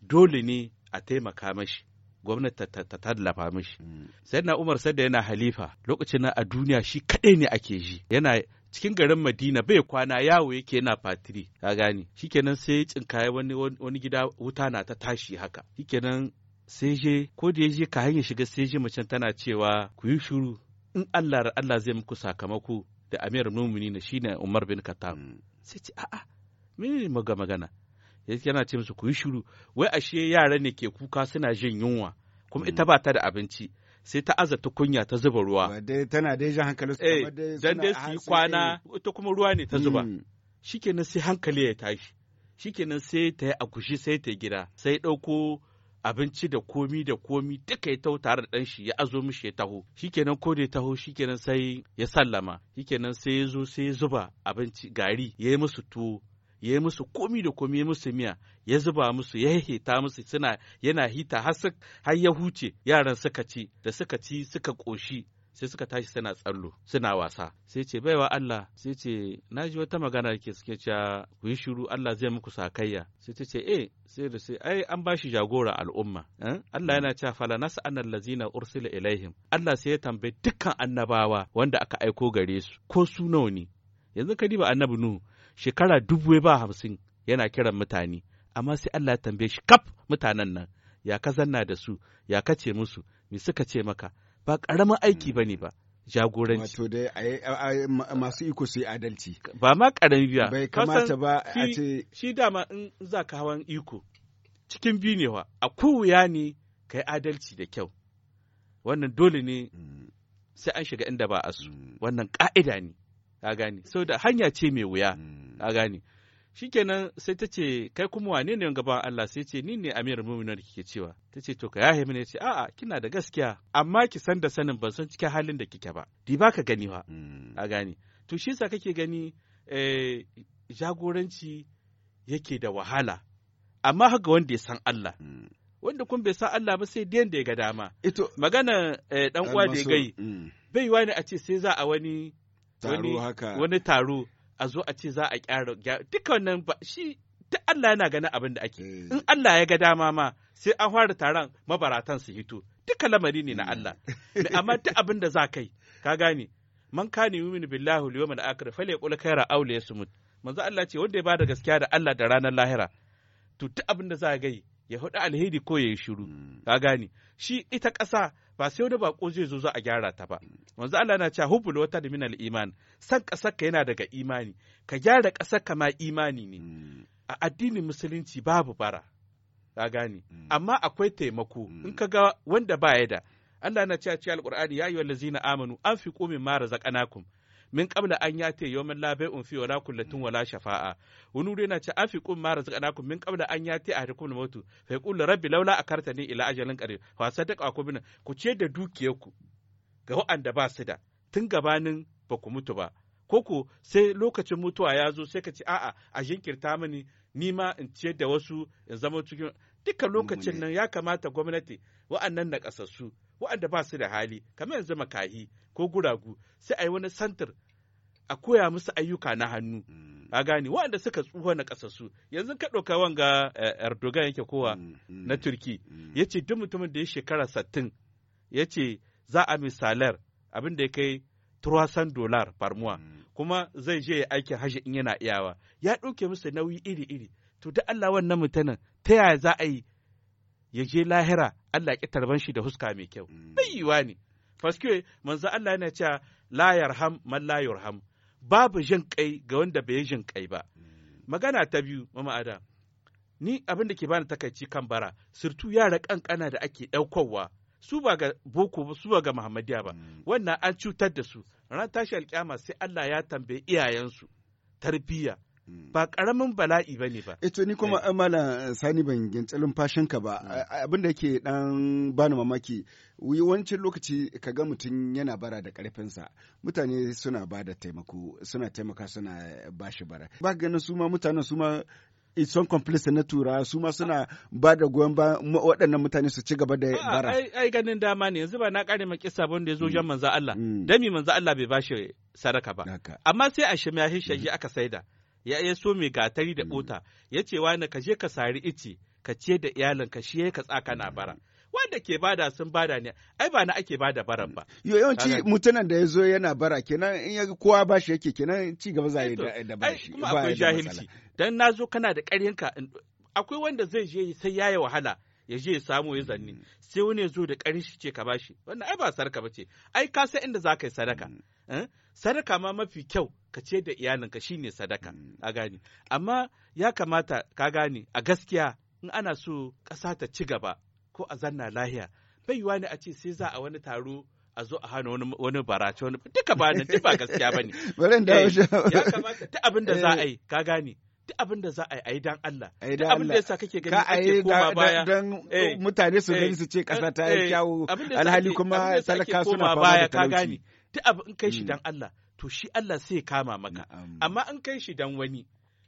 dole ne a taimaka mashi gwamnati ta tallafa mishi sai na umar sai da yana halifa lokacin na a duniya shi kaɗai ne ake ji yana cikin garin Madina bai kwana yawo yake yana fatiri ka gane shikenan sai ya wani wani gida wuta na ta tashi haka shikenan sai je ko da ya je ka hanyar shiga sai je macen tana cewa ku yi shiru in Allah Allah zai muku sakamako da Amir Mumini na shine Umar bin Khattab mm. sai ce a'a menene maga magana yana ce musu ku yi shiru wai ashe yara ne ke kuka suna jin yunwa kuma ita mm. ba ta da abinci sai ta aza tukunya ta zuba ruwa tana dai jan hankali su eh dan dai su yi kwana eh. ita kuma ruwa ne ta zuba hmm. shikenan sai hankali ya tashi shikenan sai ta yi akushi sai ta gida sai ɗauko abinci da komi da komi duka ya taho tare da ɗanshi ya azo mishi ya taho shikenan ko da ya taho shikenan sai ya sallama shikenan sai ya zo sai ya zuba abinci gari ya yi musu tuwo ya yi musu komi da komi musu miya ya zuba musu ya heta musu suna yana hita har ya huce yaran suka ci da suka ci suka ƙoshi sai suka tashi suna tsallo suna wasa sai ce baiwa Allah sai ce na ji wata magana da ke suke cewa ku yi shiru Allah zai muku sakayya sai ta ce eh sai da sai ai an ba shi jagora al'umma eh? Allah yana cewa fala nasa annal lazina ursila ilaihim Allah sai ya tambayi dukkan annabawa wanda aka aiko gare su ko su nawa ne yanzu ka diba annabi Nuhu shekara dubu ba hamsin yana kiran mutane amma sai Allah ya tambaye shi kaf mutanen nan ya ka zanna da su ya ka ce musu me suka ce maka ba ƙaramin aiki ba ne ba jagoranci wato masu iko su yi adalci ba ma ƙarami biya bai kamata ba a ce shi dama in za ka hawan iko cikin binewa. a wuya ne ka yi adalci da kyau wannan dole ne sai an shiga inda ba a su mm. wannan ƙa'ida ne ka gane sau da hanya ce mai wuya mm. na gane shikenan sai ta ce kai kuma wane ne gaba Allah sai ce ni ne Amir Muminu da kike cewa ta ce to ka yahe mini ce a'a kina da gaskiya amma ki san da sanin ban san cikin halin da kike ba di ba ka gani ba hmm. a gane to shi yasa kake gani eh, jagoranci yake da wahala amma haka wanda ya san Allah hmm. wanda kun bai san Allah ba sai diyan da ya ga dama ito magana eh, dan uwa da ya gai hmm. bai wani a ce sai za a wani taro haka wani taro a zo a ce za a kyara duka wannan ba shi ta Allah yana ganin abin da ake eh. in Allah ya ga dama ma sai an fara taron mabaratan su hito duka lamari ne na hmm. Allah amma duk abin da za kai ka gane man kana yumin billahi wal yawmil akhir laqul khaira aw yasmut manzo Allah ce wanda ya bada gaskiya da Allah da ranar lahira to duk abin da za ga yi ya hudu alheri ko ya yi shiru hmm. ka gane shi ita ƙasa ba sai wani bako zai zo za a gyara ta ba wanzu Allah na cewa hubbul wata da minal iman san ƙasar ka yana daga imani ka gyara ƙasar ka ma imani ne hmm. a addinin musulunci babu bara ka gani hmm. amma akwai taimako hmm. in ka ga wanda ba ya da Allah na cewa cewa alqur'ani ya ayyuhal ladzina amanu anfiqu mara razaqnakum min qabla an yate yawmin labai bai'un fi wala kullatun wala shafa'a wani wuri yana ce afiqum ma razaqnakum min qabla an yate ahadakum al-maut fa yaqulu rabbi laula akartani ila ajalin qarib fa sadaqa akubina ku ce da ku ga waɗanda ba su da tun gabanin ba ku mutu ba koko sai lokacin mutuwa ya zo sai ka ce a'a a jinkirta mani nima in ciyar da wasu in zama cikin duka lokacin nan ya kamata gwamnati wa'annan na kasassu waɗanda ba su da hali kamar yanzu makahi ko guragu sai a yi wani santar a koya musu ayyuka na hannu mm. a gane waɗanda suka tsuho na ƙasassu yanzu ka ɗauka wanga eh, erdogan yake kowa mm, mm, na turki ya ce duk mutumin da ya shekara sattin ya ce za a misalar abin da ya kai turasan dolar farmuwa kuma zai je ya aiki hajji in yana iyawa ya ɗauke musu nauyi iri-iri to da Allah wannan mutanen ta yaya za a yi ya je lahira Allah ya tarban shi da huska mai kyau bai mm. ne faske manzo Allah yana cewa la yarham man la yarham babu jin kai ga wanda bai jin kai ba mm. magana ta biyu mama ada ni abin da ke bani takaici kan bara surtu yara kankana da ake ɗaukowa su ba ga boko ba su ba ga muhammadiya ba mm. wannan an cutar da su ran tashi alƙiyama sai Allah ya tambaye iyayensu tarbiyya Hmm. ba karamin bala'i ba ne ba. Eto eh ni kuma amala eh. sani ban gintsalin fashinka ba hmm. abin da ke dan bani mamaki wancan lokaci ka ga mutum yana bara da karfinsa mutane suna ba da taimako suna taimaka suna bashi bara ba ganin su ma mutanen su ma son complicit na tura su ma suna ba da goyon ba waɗannan mutane su ci gaba da bara. Ai ganin dama ne yanzu ba na ƙare ma kisa ba wanda ya zo hmm. jan manzo Allah. Dami manzo Allah bai bashi sadaka ba. Amma sai a shimya shi aka saida. ya ya so mai gatari da mm. bota ya ce wani ka je ka sari ice ka ce da iyalin ka shi ka tsaka na mm. bara wanda ke bada sun bada ne ai ba na ake bada baran ba yawanci mutanen da ya zo yana bara kenan in ya kowa ba shi yake kenan ci gaba za da ba shi kuma akwai jahilci dan na zo kana da karyanka akwai wanda zai je sai ya yi wahala ya je ya samu ya zanni mm. sai wani ya zo da ƙarin shi ce ka bashi wannan ai ba sarka ba ce ai ka san inda za ka yi sadaka mm. eh? sadaka ma mafi kyau ka ce da iyalinka shine sadaka mm. a gani amma ya kamata ka gane a gaskiya in ana so ƙasa ta ci gaba ko a zanna lahiya bai yiwa ne a ce sai za a wani taro a zo a hana wani wani barace wani duka ba duk ba gaskiya bane (laughs) bari da eh, ya kamata ta abin da za a yi ka gane duk abin da za a yi a yi dan Allah duk abin da yasa kake gani ake koma baya Don eh. mutane su gani eh. su ce kasa ta yi eh. kyawu alhali kuma talaka suna fama da talauci duk abin in kai shi mm. dan Allah to shi Allah sai kama maka amma in kai shi dan wani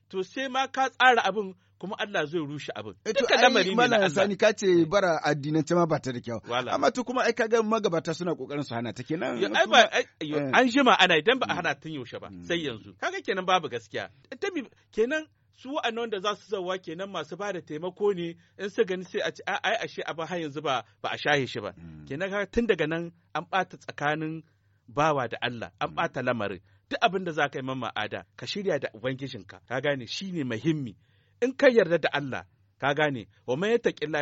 to sai ma ka tsara abin kuma Allah zai rushe abin. Eh Duka lamari ne mana Sani ka ce eh. bara addinance ma ba ta da kyau. Amma to kuma ai kaga magabata suna kokarin su hana ta kenan. Ai ba eh. an jima ana idan ba a mm. hana tun yaushe ba mm. sai yanzu. Kaga kenan babu gaskiya. kenan su wa'annan da za su zawa kenan masu ba da taimako ne in su gani sai a ci ai ashe abin har yanzu ba ba a shahe shi ba mm. kenan tun daga nan an bata tsakanin bawa da Allah an bata lamarin duk abin da za ka yi man ka shirya da ubangijinka ka gane shi ne muhimmi in ka yarda da Allah ka gane wa ya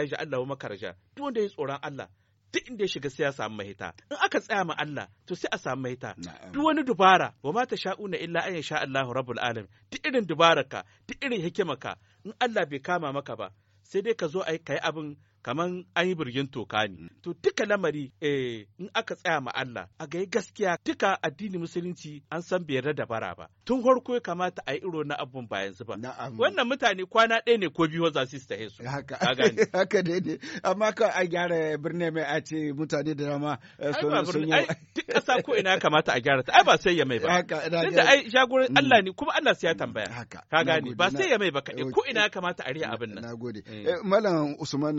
ji Allah wa makaraja duk wanda ya tsoron Allah duk inda ya shiga sai ya samu mahita in aka tsaya ma Allah to sai a samu mahita duk wani dubara wa ma tasha'una illa an yasha Allahu rabbul alamin duk irin dubararka duk irin hikimarka in Allah bai kama maka ba sai dai ka zo a yi abin kaman an yi birgin toka ne mm. to duka lamari eh in aka tsaya ma Allah a ga gaskiya duka addini musulunci an san bai da bara ba tun farko ya kamata a yi iro na abun ba yanzu ba wannan mutane kwana ɗaya ne ko biyu za su tahe su haka (laughs) haka dai ne amma ka a gyara birni mai a ce mutane da dama eh, sun yi duk ƙasa ko ina kamata a gyara ta ai ba sai ya mai ba tunda ai jagoran mm. Allah ne kuma Allah sai ya mm, tambaya ka gane ba sai ya mai ba kaɗai eh, ko ina eh, kamata a riya abin nan gode malam Usman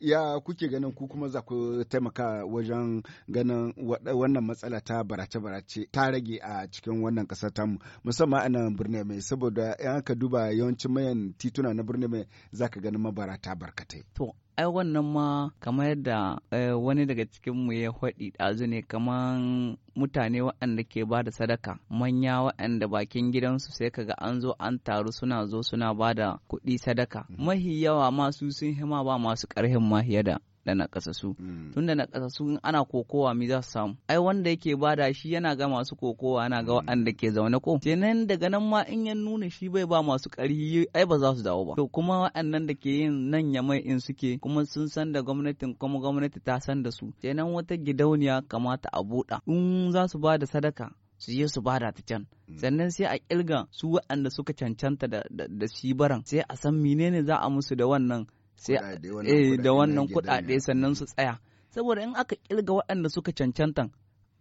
ya kuke ganin ku kuma za ku taimaka wajen ganin wannan matsala ta barace-barace ta rage a cikin wannan kasar tamu musamman a nan birni mai saboda in aka duba yawancin mayan tituna na birni mai za ka ganin ta barkatai. To, ai wannan ma kamar yadda eh, wani daga cikinmu ya faɗi ɗazu ne kamar mutane waɗanda ke ba da sadaka manya waɗanda bakin gidansu sai kaga an zo an taru suna zo suna ba da kuɗi sadaka mm-hmm. mahi yawa masu sun hima ba masu ƙarhin ma fiye da ƙasa su. tun da nakasassu hmm. in ana kokowa mi za su samu ai wanda yake bada shi yana ga masu kokowa yana ga hmm. waɗanda ke zaune ko kenan daga nan ma in ya nuna shi bai ba masu ƙarfi ai ba za su dawo ba to kuma waɗannan da ke yin nan ya mai in suke kuma sun san da gwamnatin kuma gwamnati ta san da su kenan wata gidauniya kamata a buɗa in za su ba sadaka su yi su bada ta can hmm. sannan sai a ƙirga su waɗanda suka cancanta da shi baran sai a san menene za a musu da wannan Eh, da wannan kudade sannan su tsaya saboda in aka kirga waɗanda suka cancanta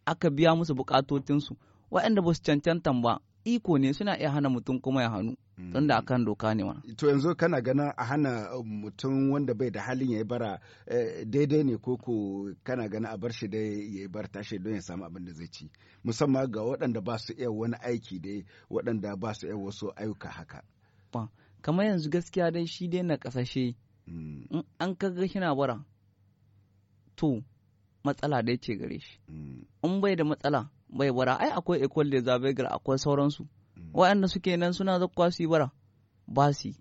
aka biya musu bukatotinsu waɗanda ba su cancantan ba iko ne suna iya hana mutum kuma ya hannu mm. tun da akan doka ne ma. To yanzu kana gana a hana um, mutum wanda bai da halin ya yi bara eh, daidai ne ko ko kana gana a bar shi dai ya yi bar tashi don ya samu abin da zai ci musamman ga waɗanda ba su iya wani aiki dai waɗanda ba su iya wasu ayyuka haka. Kamar yanzu gaskiya dai shi dai na kasashe. in an kaga shi bara to matsala da ce gare shi in bai da matsala bai bara ai akwai ecole de zabegar akwai sauransu mm. waɗanda suke nan suna zakwa su bara basi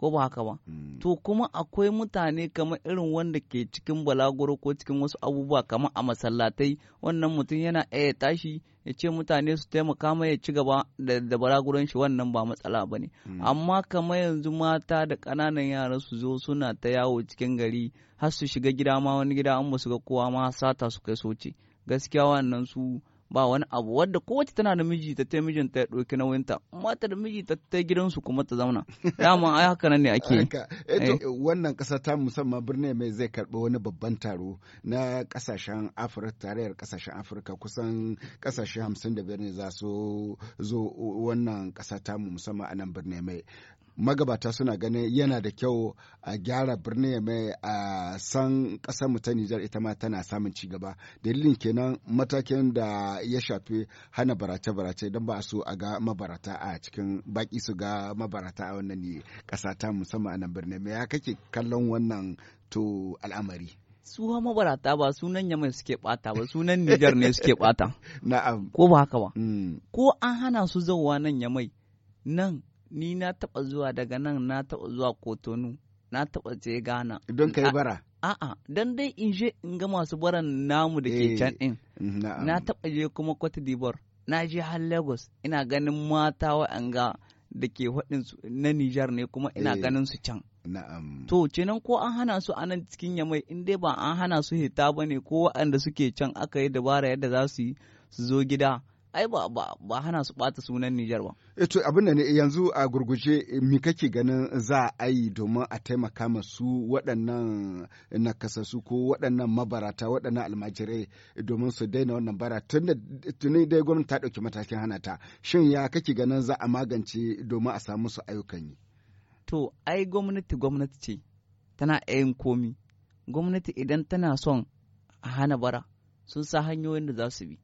ko ba haka ba mm. to kuma akwai mutane kamar irin wanda ke cikin balaguro ko cikin wasu abubuwa kamar a masallatai wannan mutum yana iya tashi ya ce mutane su taimaka mai ya ci gaba da balaguron shi wannan ba matsala ba ne mm. amma kamar yanzu mata da ƙananan yara su zo suna ta yawo cikin gari har su shiga gida ma wani gida an ba su ga kowa ma sata su kai soce gaskiya wannan su ba wani abu wadda kowace tana da miji ta tai ta ya ɗauki nauyin ta mata da miji ta tai gidansu kuma ta zauna dama ai haka nan ne ake eh eh. wannan ƙasa ta musamman birnin mai zai karɓi wani babban taro na ƙasashen afirka tarayyar ƙasashen afirka kusan ƙasashe hamsin da biyar ne za su zo wannan ƙasa ta musamman a nan birnin mai magabata suna ganin yana da kyau a gyara birni mai a san kasar ta Nijar ita ma tana samun ci gaba dalilin kenan matakin da ya shafi hana barace-barace don ba su a ga mabarata a cikin baki su ga mabarata a wannan ƙasa ta musamman a nan birni mai ya kake kallon wannan to al'amari su mabarata ba sunan yamai suke bata ba sunan Nijar ne suke bata (laughs) na'am ko ba haka ba mm. ko an hana su zauwa nan yamai nan ni na taɓa zuwa daga nan na taɓa zuwa kotonu na taɓa je gana. don kai bara a'a don dai in je in ga masu baran namu da ke eh, can din na taɓa je kuma cote d'ivoire na je har lagos ina ganin mata wa'anga da ke faɗin na nijar ne kuma ina eh, ganin su can To, kenan ko an hana su a nan cikin yamai in dai ba an hana su hita ba ne ko waɗanda suke can aka yi dabara yadda za su yi su zo gida ai ba ba ba hana su bata sunan Nijar ba. E to abin da ne yanzu a gurguje mi kake ganin za a yi domin a taimaka masu waɗannan nakasassu ko waɗannan mabarata waɗannan almajirai domin su daina wannan bara tuni dai gwamnati ta ɗauki matakin hana ta shin ya kake ganin za a magance domin a samu su ayyukan yi. To ai gwamnati gwamnati ce tana ɗayan komi gwamnati idan tana son a hana bara sun sa hanyoyin da za su bi.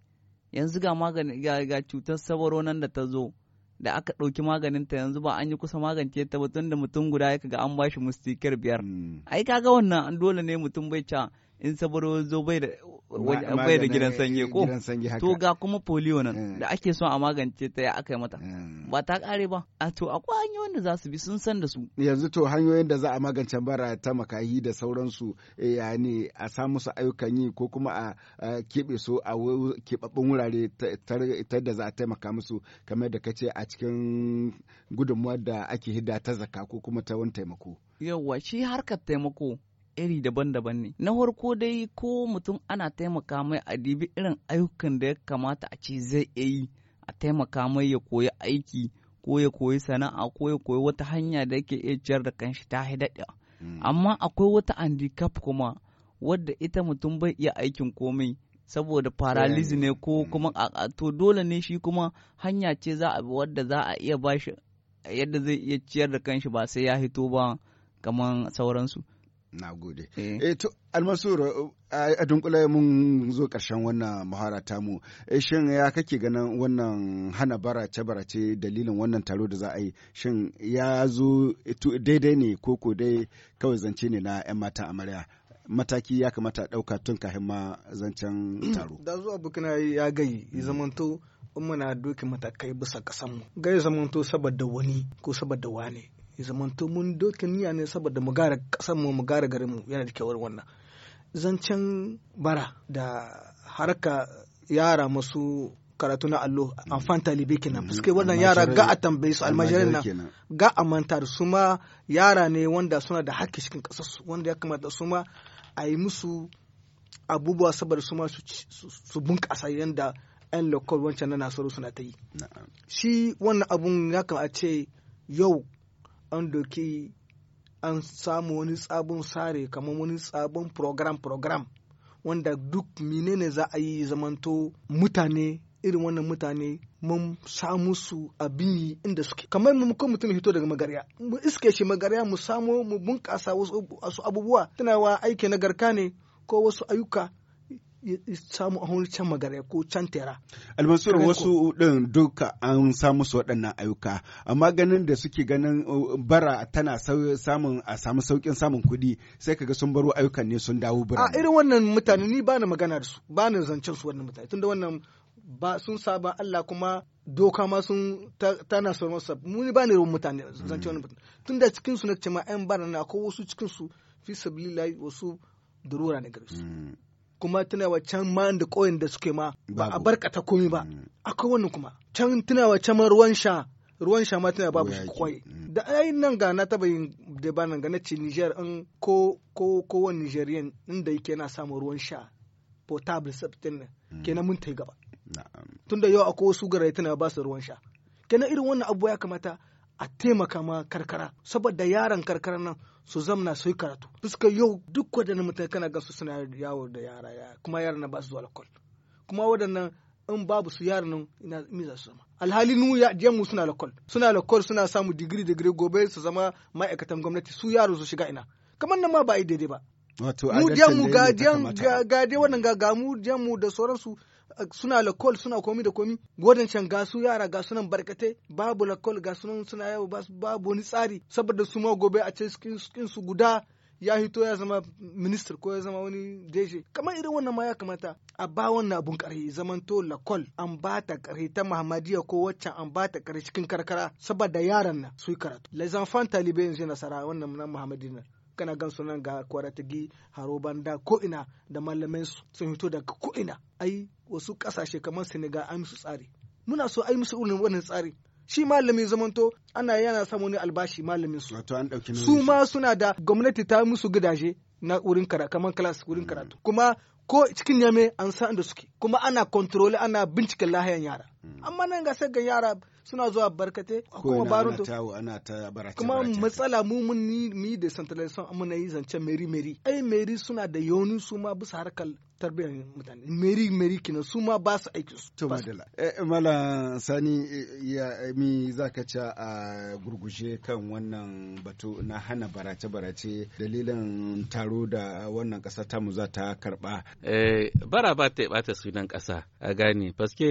yanzu ga magani ga cutar sabaro nan da ta zo da aka ɗauki maganin ta yanzu ba an yi kusa magance ta ba tun da mutum guda ya hmm. ga an bashi mustikar biyar ai kaga wannan dole ne mutum bai ca in saboda zo bai da bai da gidan sanyi ko to ga kuma polio nan eh. da ake son a magance ta ya aka yi mata eh. ba ta kare ba a to akwai hanyoyin da za su bi sun san da su yanzu to hanyoyin da za a magance bara ta makahi da sauransu eh, ya ne a sa musu ayyukan yi ko kuma a keɓe su a keɓaɓɓen wurare ta da za a taimaka musu kamar da kace a cikin gudunmuwar da ake hidda ta zaka ko kuma ta wani taimako yawwa shi harkar taimako iri daban-daban ne na farko dai ko mutum ana taimaka mai a dibi irin ayyukan da ya kamata a ce zai iya yi a taimaka mai ya koyi aiki ko ya koyi sana'a ko ya koyi wata hanya da yake iya ciyar da kanshi ta hmm. amma akwai wata handicap kuma wadda ita mutum bai iya aikin komai saboda paralysis ne ko hmm. kuma a to dole ne shi kuma hanya ce za a wadda za a iya bashi yadda zai iya ciyar da kanshi ba sai ya hito ba kamar sauransu na gode eh. eh to almasur a dunkule mun zo karshen wannan muhara tamu eh, shin ya kake ganin wannan hana barace barace dalilin wannan taro da za a yi shin ya zo daidai ne ko ko dai kawai zance ne na 'yan mata amarya mataki ya kamata ɗauka tun kafin ma zancen mm, taro da zuwa bukina ya gai zamanto in muna dokin matakai bisa kasanmu gai zamanto saboda wani ko saboda wane ya zamanto mun dokin niyya ne saboda mu gara ƙasar mu mu gara garin mu yana da kyawar wannan zancen bara da haraka yara masu karatu na allo amfan talibi kenan mm-hmm. fuskai wannan yara ga a tambaye su almajirin nan ga a manta da su yara ne wanda suna da haƙƙi cikin su wanda ya kamata su ma a yi musu abubuwa saboda su su bunƙasa yadda 'yan lokal wancan na nasaru suna ta yi. Shi wannan abun ya kamata a ce yau an doki an samu wani sabon sare kamar wani sabon program-program wanda duk menene za a yi zamanto mutane irin wannan mutane mun samu su a inda suke kamar mu ko mutum hito daga magarya mu iske shi magarya mu samo mu bunkasa wasu abubuwa tunawa aiki na garka ne ko wasu ayyuka samu a wani can magare ko can tera. almansur wasu ɗin duka an samu su waɗannan ayyuka amma ganin da suke ganin uh, bara tana samun a samu saukin samun kuɗi sai kaga sun baro ayyukan ne sun dawo birnin. a irin wannan mutane ni bani magana da su bani zancen su wannan mutane tunda wannan ba sun saba Allah kuma doka ma sun tana son masa muni ba ne ruwan mutane zancen mm. wannan mutane tunda cikin su na cema ma yan bana na ko wasu cikin su fi sabilillahi wasu durura ne gare su mm. kuma tunawa can ma da ƙoyin da suke ma ba a barkata komi ba mm. akwai wannan kuma can tunawa can ruwan sha ruwan sha ma tana babu shi kwai mm. da yi nan ga na taba yin da ba nan ga na ce Niger in ko ko ko wani Nigerian inda yake na samun ruwan sha potable septin mm. kenan mun tai gaba tunda yau akwai wasu garai tana ba su ruwan sha kenan irin wannan abu ya kamata a taimaka ma karkara saboda yaran karkara nan su zamna su yi karatu suka yau duk wadannan mutane kana ga su suna yawo da yara ya kuma yaran na ba su zuwa lakol kuma waɗannan in babu su yaran nan ina mi za su zama alhali nu ya diyan mu suna lakol suna lakol suna samu digiri digiri gobe su zama ma'aikatan gwamnati su yaro su shiga ina kamar nan ma ba a yi daidai ba mu diyan mu ga diyan ga wannan ga mu diyan mu da sauransu suna lakol suna komi da komi can ga su yara ga sunan barkatai babu lakol ga sunan suna yawo babu wani tsari saboda su ma gobe a cikin su guda ya hito ya zama minister ko ya zama wani deje kamar irin wannan ma ya kamata a ba wannan abun karhi zamanto lakol an ba ta karhi ta mahamadiya ko waccan an ba ta karhi cikin karkara saboda yaran nan su yi karatu les enfants talibé yanzu nasara wannan na kana gan su ga kwaratigi haro banda ko ina da malamai sun hito daga ko ina ai wasu kasashe kamar senegal an musu tsari muna so ai musu irin wannan tsari shi malami zamanto ana yana samu ne albashi malamin su su ma suna da gwamnati ta musu gidaje na wurin karatu kamar class wurin mm. karatu kuma ko cikin yame an san da suke kuma ana kontroli ana bincike lahayan yara mm. amma nan ga sai yara suna zuwa barkate kuma barun kuma matsala mu mun ni da centralization mun yi zancen meri meri ai meri suna da yoni su ma bisa harkar tarbiyyar mutane meri meri kina su ma ba su aiki su to madala eh mala sani ya mi zaka ci a gurguje kan wannan batu na hana barace barace dalilin taro da wannan kasa ta mu za ta karba eh bara ba ta bata sunan kasa a gane paske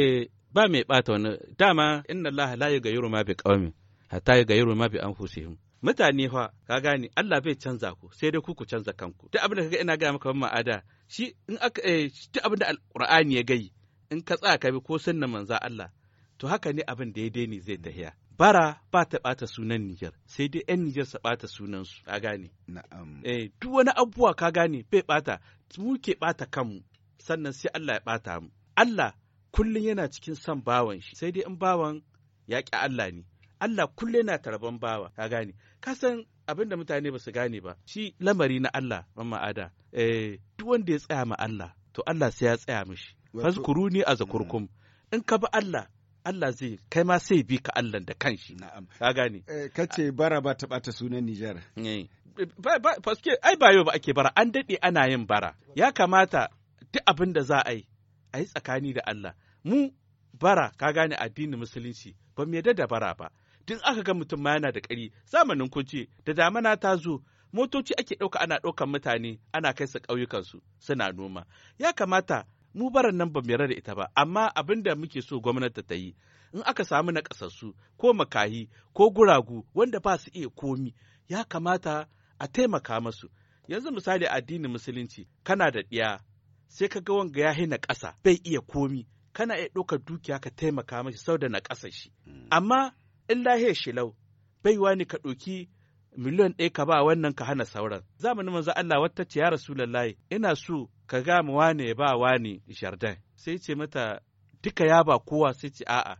ba mai bata wani dama inna Allah la yughayyiru ma bi qaumin hatta yughayyiru ma bi anfusihim mutane fa ka gane Allah bai canza ku sai dai ku ku canza kanku duk abin da kaga ina ga maka ban ma'ada shi in aka eh, abin da alkur'ani ya gai in ka tsaya ka bi ko sunna manzo Allah to haka ne abin da ya daine zai tahiya bara ba ta ɓata sunan Nijar sai dai Niger sa bata ɓata sunansu ka gane. Na'am. Eh duk wani abubuwa ka gane bai ɓata mu ke ɓata kanmu sannan sai Allah ya bata mu. Allah kullun yana cikin son bawan shi sai dai in bawan ya ƙi Allah ne. Allah kullun yana tarban bawa ka gane. Ka san abin da mutane ba su gane ba shi lamari na Allah mamma ada eh duk wanda ya tsaya ma Allah to Allah sai ya tsaya mishi a azkurkum mm. in ka bi Allah Allah zai kai ma sai bi ka Allah da kanshi na'am ka gane eh, kace bara ba ta bata sunan Nijar. Eh, paske ai ba yau ba ake bara an dade ana yin bara ya kamata duk abin da za a yi a yi tsakani da Allah mu bara ka gane addinin musulunci ba mu yadda da bara ba duk aka ga mutum ma yana da ƙari zamanin kuce da damana ta zo motoci ake ɗauka ana ɗaukan mutane ana kai su ƙauyukansu suna noma ya kamata mu baran nan ba mu yarda da ita ba amma abin da muke so gwamnati ta yi in aka samu na ƙasassu ko makahi ko guragu wanda ba su iya komi ya kamata a taimaka masu yanzu misali addinin musulunci kana da ɗiya sai ka ga wanga ya na ƙasa bai iya komi kana iya ɗaukar dukiya ka taimaka mashi sau da na ƙasa shi hmm. amma in lahiyar shilau baiwa ne ka ɗauki miliyon ɗaya ka ba wannan ka hana sauran zamanin manzo Allah wata ce ya Rasulallah! ina so ka ga mu wane ba wane jardin sai ce mata duka ya ba kowa sai ce a'a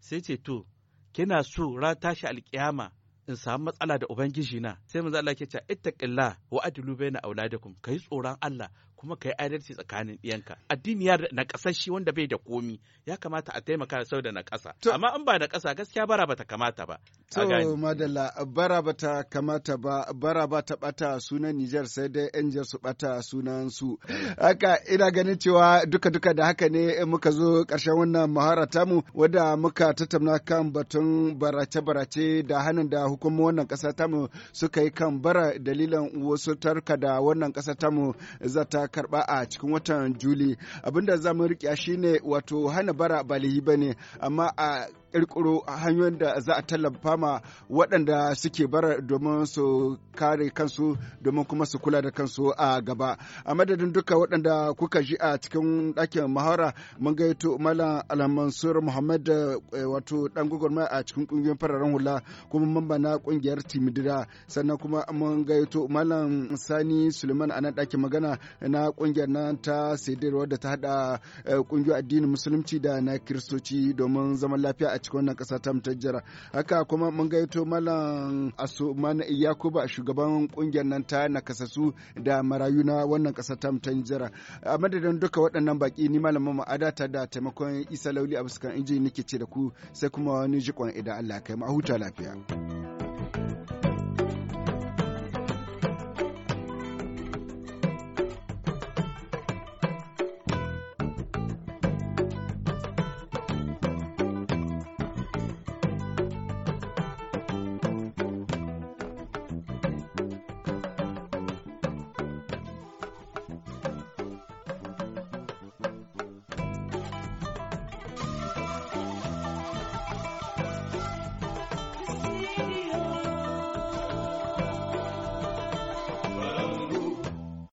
sai ce to kina so ra tashi alƙiyama in samu matsala da ubangiji na sai manzo Allah ke ce ittaqillah wa adlu baina auladakum kai tsoron Allah kuma ka yi adalci tsakanin ɗiyanka addini ya na shi wanda bai da komi ya kamata a taimaka sau da na ƙasa amma an ba da ƙasa gaskiya bara bata kamata ba to madalla bara bata kamata ba bara bata bata sunan Nijar sai dai yan jar su bata sunan su haka ina ganin cewa duka duka da haka ne muka zo ƙarshen wannan muhara tamu wadda muka tattauna kan batun barace barace da hannun da hukumomin wannan ƙasa tamu suka yi kan bara dalilan wasu tarka da wannan ƙasa tamu zata karba a cikin watan Juli abinda za mu shi shine wato hana bara ba bane amma a kirkiro hanyoyin da za a tallafa ma waɗanda suke bara domin su kare kansu domin kuma su kula da kansu a gaba a madadin duka waɗanda kuka ji a cikin ɗakin mahara mun gaito malam almansur muhammad eh, wato ɗan gwagwarmaya a cikin ƙungiyar fararen hula kuma mamba na ƙungiyar timidira sannan kuma mun gaito malam sani suleiman a nan ɗakin magana na ƙungiyar nan ta sidirwa da ta haɗa eh, ƙungiyar addinin musulunci da na kiristoci domin zaman lafiya a cikin wannan kasa ta mutajjara haka kuma mun gaito malam asuman yakuba shugaban kungiyar nan ta nakasasu da marayu na wannan kasa ta mutajjara a madadin duka waɗannan baki ni malamin ma'ada ta da taimakon isa lauli a fuskan inji nake ce da ku sai kuma wani jikon idan allah kai ma a huta lafiya.